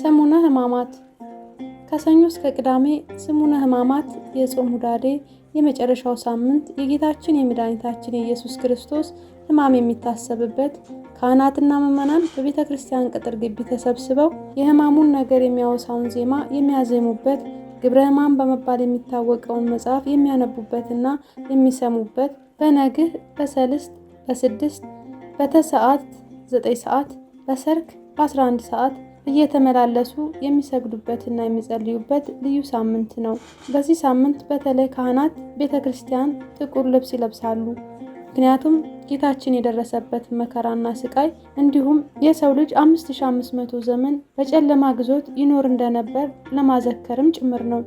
ሰሙነ ሕማማት ከሰኞ እስከ ቅዳሜ ሰሙነ ሕማማት የጾም ሁዳዴ የመጨረሻው ሳምንት የጌታችን የመድኃኒታችን የኢየሱስ ክርስቶስ ሕማም የሚታሰብበት ካህናትና ምዕመናን በቤተ ክርስቲያን ቅጥር ግቢ ተሰብስበው የሕማሙን ነገር የሚያወሳውን ዜማ የሚያዜሙበት ግብረ ሕማም በመባል የሚታወቀውን መጽሐፍ የሚያነቡበትና የሚሰሙበት በነግህ በሰልስት በስድስት በተሰዓት ዘጠኝ ሰዓት በሰርክ በ11 ሰዓት እየተመላለሱ የሚሰግዱበትና የሚጸልዩበት ልዩ ሳምንት ነው። በዚህ ሳምንት በተለይ ካህናት ቤተ ክርስቲያን ጥቁር ልብስ ይለብሳሉ። ምክንያቱም ጌታችን የደረሰበት መከራና ስቃይ እንዲሁም የሰው ልጅ 5500 ዘመን በጨለማ ግዞት ይኖር እንደነበር ለማዘከርም ጭምር ነው።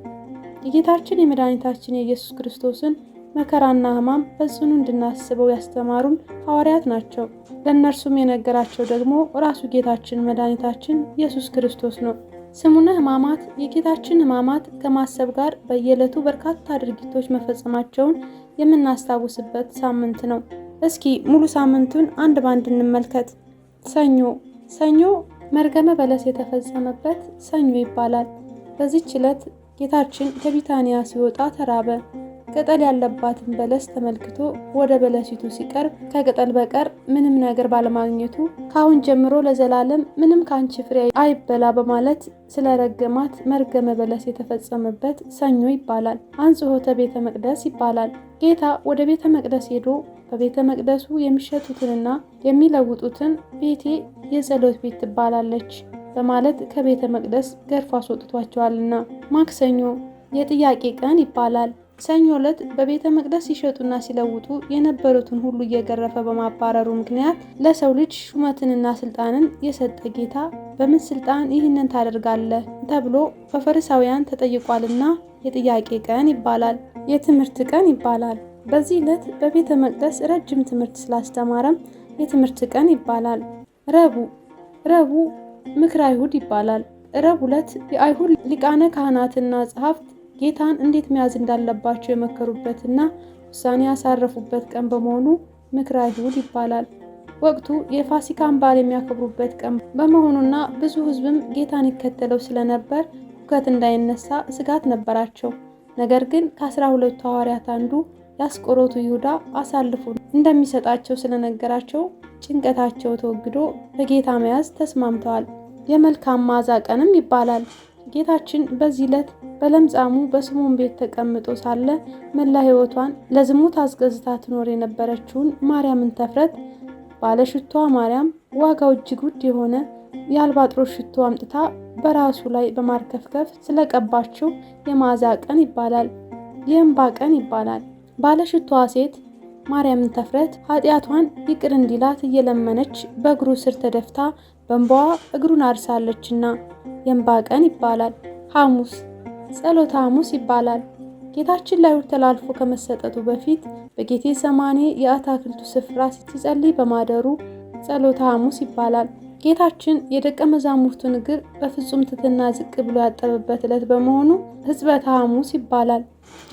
የጌታችን የመድኃኒታችን የኢየሱስ ክርስቶስን መከራና ሕማም በጽኑ እንድናስበው ያስተማሩን ሐዋርያት ናቸው። ለእነርሱም የነገራቸው ደግሞ ራሱ ጌታችን መድኃኒታችን ኢየሱስ ክርስቶስ ነው። ስሙነ ሕማማት የጌታችን ሕማማት ከማሰብ ጋር በየዕለቱ በርካታ ድርጊቶች መፈጸማቸውን የምናስታውስበት ሳምንት ነው። እስኪ ሙሉ ሳምንቱን አንድ ባንድ እንመልከት። ሰኞ ሰኞ መርገመ በለስ የተፈጸመበት ሰኞ ይባላል። በዚች ዕለት ጌታችን ከቢታንያ ሲወጣ ተራበ። ቅጠል ያለባትን በለስ ተመልክቶ ወደ በለሲቱ ሲቀርብ ከቅጠል በቀር ምንም ነገር ባለማግኘቱ ካሁን ጀምሮ ለዘላለም ምንም ከአንቺ ፍሬ አይበላ በማለት ስለረገማት መርገመ በለስ የተፈጸመበት ሰኞ ይባላል። አንጽሖተ ቤተ መቅደስ ይባላል። ጌታ ወደ ቤተ መቅደስ ሄዶ በቤተ መቅደሱ የሚሸጡትንና የሚለውጡትን ቤቴ የጸሎት ቤት ትባላለች በማለት ከቤተ መቅደስ ገርፎ አስወጥቷቸዋልና። ማክሰኞ የጥያቄ ቀን ይባላል። ሰኞ ዕለት በቤተ መቅደስ ሲሸጡና ሲለውጡ የነበሩትን ሁሉ እየገረፈ በማባረሩ ምክንያት ለሰው ልጅ ሹመትንና ስልጣንን የሰጠ ጌታ በምን ስልጣን ይህንን ታደርጋለህ ተብሎ በፈሪሳውያን ተጠይቋልና የጥያቄ ቀን ይባላል፣ የትምህርት ቀን ይባላል። በዚህ ዕለት በቤተ መቅደስ ረጅም ትምህርት ስላስተማረም የትምህርት ቀን ይባላል። ረቡዕ ረቡዕ ምክረ አይሁድ ይባላል። ረቡዕ ዕለት የአይሁድ ሊቃነ ካህናትና ጸሐፍት ጌታን እንዴት መያዝ እንዳለባቸው የመከሩበትና ውሳኔ ያሳረፉበት ቀን በመሆኑ ምክረ አይሁድ ይባላል። ወቅቱ የፋሲካን በዓል የሚያከብሩበት ቀን በመሆኑና ብዙ ሕዝብም ጌታን ይከተለው ስለነበር ሁከት እንዳይነሳ ስጋት ነበራቸው። ነገር ግን ከአስራ ሁለቱ ሐዋርያት አንዱ የአስቆሮቱ ይሁዳ አሳልፎ እንደሚሰጣቸው ስለነገራቸው ጭንቀታቸው ተወግዶ በጌታ መያዝ ተስማምተዋል። የመልካም መዓዛ ቀንም ይባላል። ጌታችን በዚህ ዕለት በለምጻሙ በስምዖን ቤት ተቀምጦ ሳለ መላ ሕይወቷን ለዝሙት አስገዝታ ትኖር የነበረችውን ማርያምን ተፍረት ባለ ሽቷ ማርያም ዋጋው እጅግ ውድ የሆነ የአልባጥሮ ሽቶ አምጥታ በራሱ ላይ በማርከፍከፍ ስለቀባችው የመዓዛ ቀን ይባላል። የእንባ ቀን ይባላል። ባለ ሽቷ ሴት ማርያምን ተፍረት ኃጢአቷን ይቅር እንዲላት እየለመነች በእግሩ ስር ተደፍታ በእንባዋ እግሩን አርሳለችና የእንባ ቀን ይባላል። ሐሙስ ጸሎተ ሐሙስ ይባላል። ጌታችን ለአይሁድ ተላልፎ ከመሰጠቱ በፊት በጌቴ ሰማኔ የአታክልቱ ስፍራ ስትጸልይ በማደሩ ጸሎተ ሐሙስ ይባላል። ጌታችን የደቀ መዛሙርቱን እግር በፍጹም ትትና ዝቅ ብሎ ያጠበበት ዕለት በመሆኑ ሕጽበተ ሐሙስ ይባላል።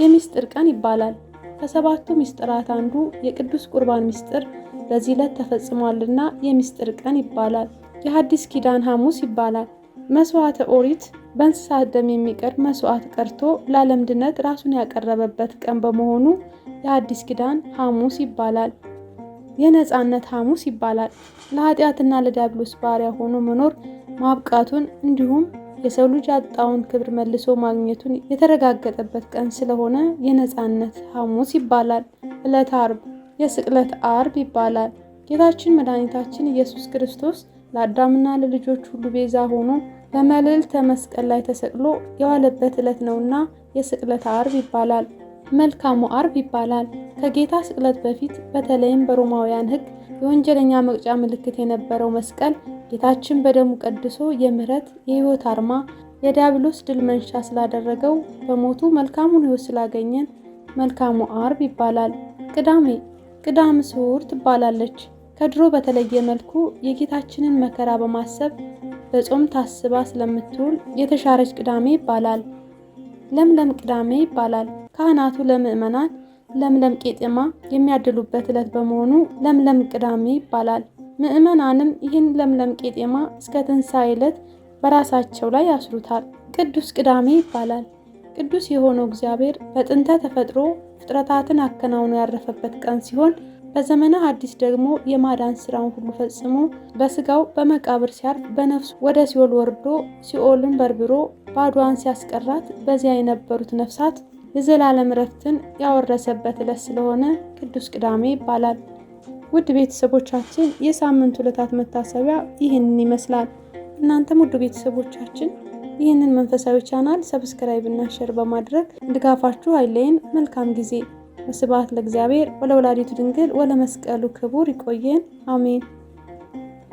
የምስጢር ቀን ይባላል። ከሰባቱ ምስጢራት አንዱ የቅዱስ ቁርባን ምስጢር በዚህ ዕለት ተፈጽሟልና የምስጢር ቀን ይባላል። የሐዲስ ኪዳን ሐሙስ ይባላል። መስዋዕተ ኦሪት በእንስሳት ደም የሚቀርብ መስዋዕት ቀርቶ ለዓለም ድነት ራሱን ያቀረበበት ቀን በመሆኑ የሐዲስ ኪዳን ሐሙስ ይባላል። የነፃነት ሐሙስ ይባላል። ለኃጢአትና ለዲያብሎስ ባሪያ ሆኖ መኖር ማብቃቱን እንዲሁም የሰው ልጅ ያጣውን ክብር መልሶ ማግኘቱን የተረጋገጠበት ቀን ስለሆነ የነፃነት ሐሙስ ይባላል። ዕለተ አርብ የስቅለት አርብ ይባላል። ጌታችን መድኃኒታችን ኢየሱስ ክርስቶስ ለአዳምና ለልጆች ሁሉ ቤዛ ሆኖ በመልዕልተ መስቀል ላይ ተሰቅሎ የዋለበት ዕለት ነውና የስቅለት አርብ ይባላል። መልካሙ አርብ ይባላል። ከጌታ ስቅለት በፊት በተለይም በሮማውያን ሕግ የወንጀለኛ መቅጫ ምልክት የነበረው መስቀል ጌታችን በደሙ ቀድሶ የምረት የሕይወት አርማ የዲያብሎስ ድል መንሻ ስላደረገው በሞቱ መልካሙን ሕይወት ስላገኘን መልካሙ አርብ ይባላል። ቅዳሜ ቅዳም ስዑር ትባላለች። ከድሮ በተለየ መልኩ የጌታችንን መከራ በማሰብ በጾም ታስባ ስለምትውል የተሻረች ቅዳሜ ይባላል። ለምለም ቅዳሜ ይባላል። ካህናቱ ለምእመናን ለምለም ቄጤማ የሚያድሉበት ዕለት በመሆኑ ለምለም ቅዳሜ ይባላል። ምዕመናንም ይህን ለምለም ቄጤማ እስከ ትንሣኤ ዕለት በራሳቸው ላይ ያስሩታል። ቅዱስ ቅዳሜ ይባላል። ቅዱስ የሆነው እግዚአብሔር በጥንተ ተፈጥሮ ፍጥረታትን አከናውኖ ያረፈበት ቀን ሲሆን በዘመነ አዲስ ደግሞ የማዳን ስራውን ሁሉ ፈጽሞ በስጋው በመቃብር ሲያርፍ በነፍሱ ወደ ሲኦል ወርዶ ሲኦልን በርብሮ ባዷን ሲያስቀራት በዚያ የነበሩት ነፍሳት የዘላለም እረፍትን ያወረሰበት ዕለት ስለሆነ ቅዱስ ቅዳሜ ይባላል። ውድ ቤተሰቦቻችን የሳምንቱ ዕለታት መታሰቢያ ይህንን ይመስላል። እናንተም ውድ ቤተሰቦቻችን ይህንን መንፈሳዊ ቻናል ሰብስክራይብ እና ሸር በማድረግ ድጋፋችሁ አይለይን። መልካም ጊዜ። ስብሐት ለእግዚአብሔር ወለወላዲቱ ድንግል ወለመስቀሉ ክቡር። ይቆየን። አሜን።